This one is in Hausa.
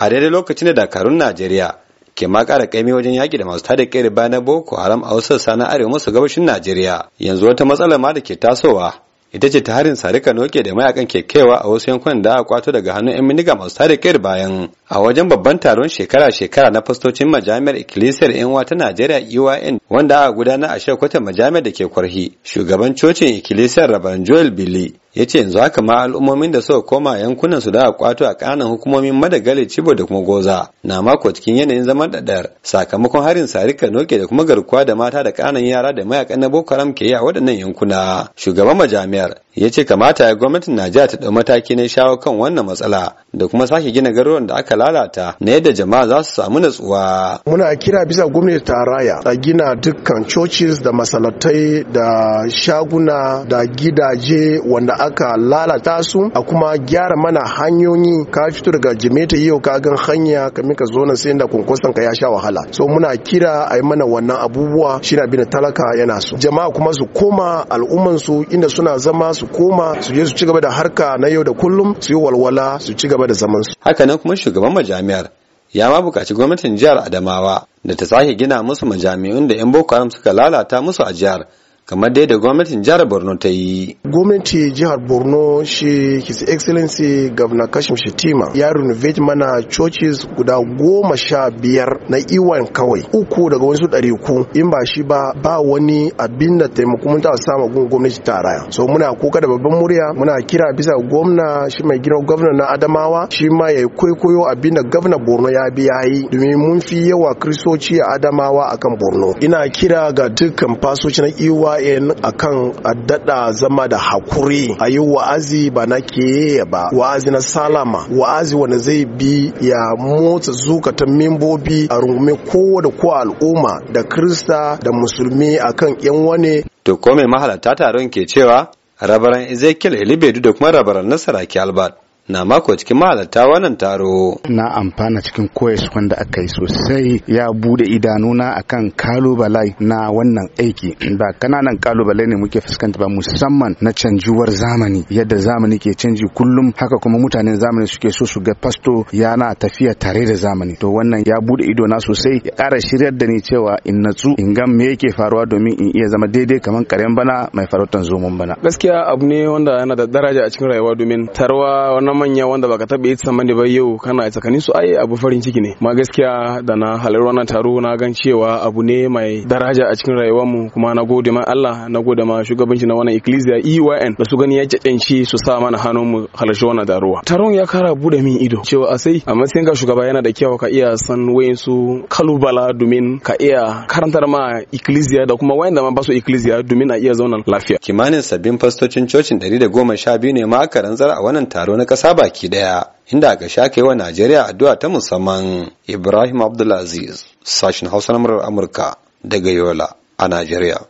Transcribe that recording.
a daidai lokacin da dakarun najeriya ke ma ƙara kaimi wajen yaƙi da masu tada ƙere bayan boko haram a wasu sassa na arewa masu gabashin najeriya yanzu wata matsala ma da ke tasowa ita ce ta harin sarika noke da mayakan ke kaiwa a wasu yankunan da aka kwato daga hannun yan miniga masu tada ƙere bayan a wajen babban taron shekara-shekara na fastocin majami'ar Ikilisiyar yan ta najeriya uyn e wanda aka gudanar a shekwatar majami'ar da ke kwarhi shugaban cocin Ikilisiyar rabaran joel bili ya ce yanzu haka ma al'ummomin da suka koma yankunan su da a kwato a kanan hukumomin madagali cibo da kuma goza na mako cikin yanayin zaman dadar sakamakon harin sarika noke da kuma garkuwa da mata da kanan yara da mayakan na boko haram ke yi a waɗannan yankuna shugaban majami'ar ya ce kamata ya gwamnatin najeriya ta ɗau mataki na shawo kan wannan matsala da kuma sake gina garuruwan da aka lalata na yadda jama'a za su samu natsuwa. Muna kira bisa gwamnati ta raya a gina dukkan churches da masalatai da shaguna da gidaje wanda aka lalata su a kuma gyara mana hanyoyi ka fito daga jimeta yau ka gan hanya kamin ka zo na sai da kunkusan ka ya sha wahala. So muna kira a yi mana wannan abubuwa shi na bin talaka yana so. Jama'a kuma su koma al'umman su inda suna zama su koma su je su ci gaba da harka na yau da kullum su yi walwala su ci gaba gaba da zaman su hakanan kuma shugaban majami'ar ya ma bukaci gwamnatin jihar Adamawa da ta sake gina musu majami'un da 'yan Boko Haram suka lalata musu a jihar kamar dai da gwamnatin jihar borno ta yi gwamnati jihar borno shi his excellency governor kashim shetima ya renovate mana churches guda goma sha biyar na iwan e kawai uku daga wasu ɗari ku in ba shi ba ba wani abin da taimako mun ta sama gun gwamnati ta raya so muna kuka da babban murya muna kira bisa gwamna shi mai gina gwamna na adamawa shi ma ya kwaikwayo abin da gwamna borno ya bi ya yi domin mun fi yawa kristoci a adamawa akan borno ina kira ga dukkan fasoci na iwa e ra'ayin akan addada zama da hakuri a yi wa'azi ba na ke ba wa'azi na salama wa'azi wanda zai bi ya motsa zukatan membobi a rungume kowa da kowa al'umma da krista da musulmi akan yan wane to ko mai mahalarta taron ke cewa rabaran ezekiel elibedu da kuma rabaran nasara ke albad. na mako cikin mahalarta wannan taro. Na amfana cikin koyas da aka yi sosai ya bude idanuna akan kalubalai na wannan aiki ba kananan kalubalai ne muke fuskanta ba musamman na canjuwar zamani yadda zamani ke canji kullum haka kuma mutanen zamani suke so su ga fasto yana tafiya tare da zamani to wannan ya bude na sosai ya kara shiryar da ni cewa in natsu in ga me yake faruwa domin in iya zama daidai kamar karen bana mai farautan zomon bana. Gaskiya abu ne wanda yana da daraja a cikin rayuwa domin tarwa wannan manya wanda baka taɓa yi da ba yau kana a tsakanin su ai abu farin ciki ne ma gaskiya da na halar wannan taro na gan cewa abu ne mai daraja a cikin rayuwar mu kuma na gode ma Allah na gode ma shugabanci na wannan ikkilisiya EYN da su gani ya cancanci su sa mana hannun mu halarci wannan taruwa taron ya kara bude min ido cewa a sai amma sai ga shugaba yana da kyau ka iya san wayin su kalubala domin ka iya karantar ma ikkilisiya da kuma wayanda ma ba su domin a iya zauna lafiya kimanin sabbin fastocin cocin 112 ne ma aka rantsar a wannan taro na kasa kasa baki ɗaya inda aka sha kai wa Najeriya addu'a ta musamman Ibrahim Abdulaziz sashin Hausa na Amurka daga Yola a Najeriya.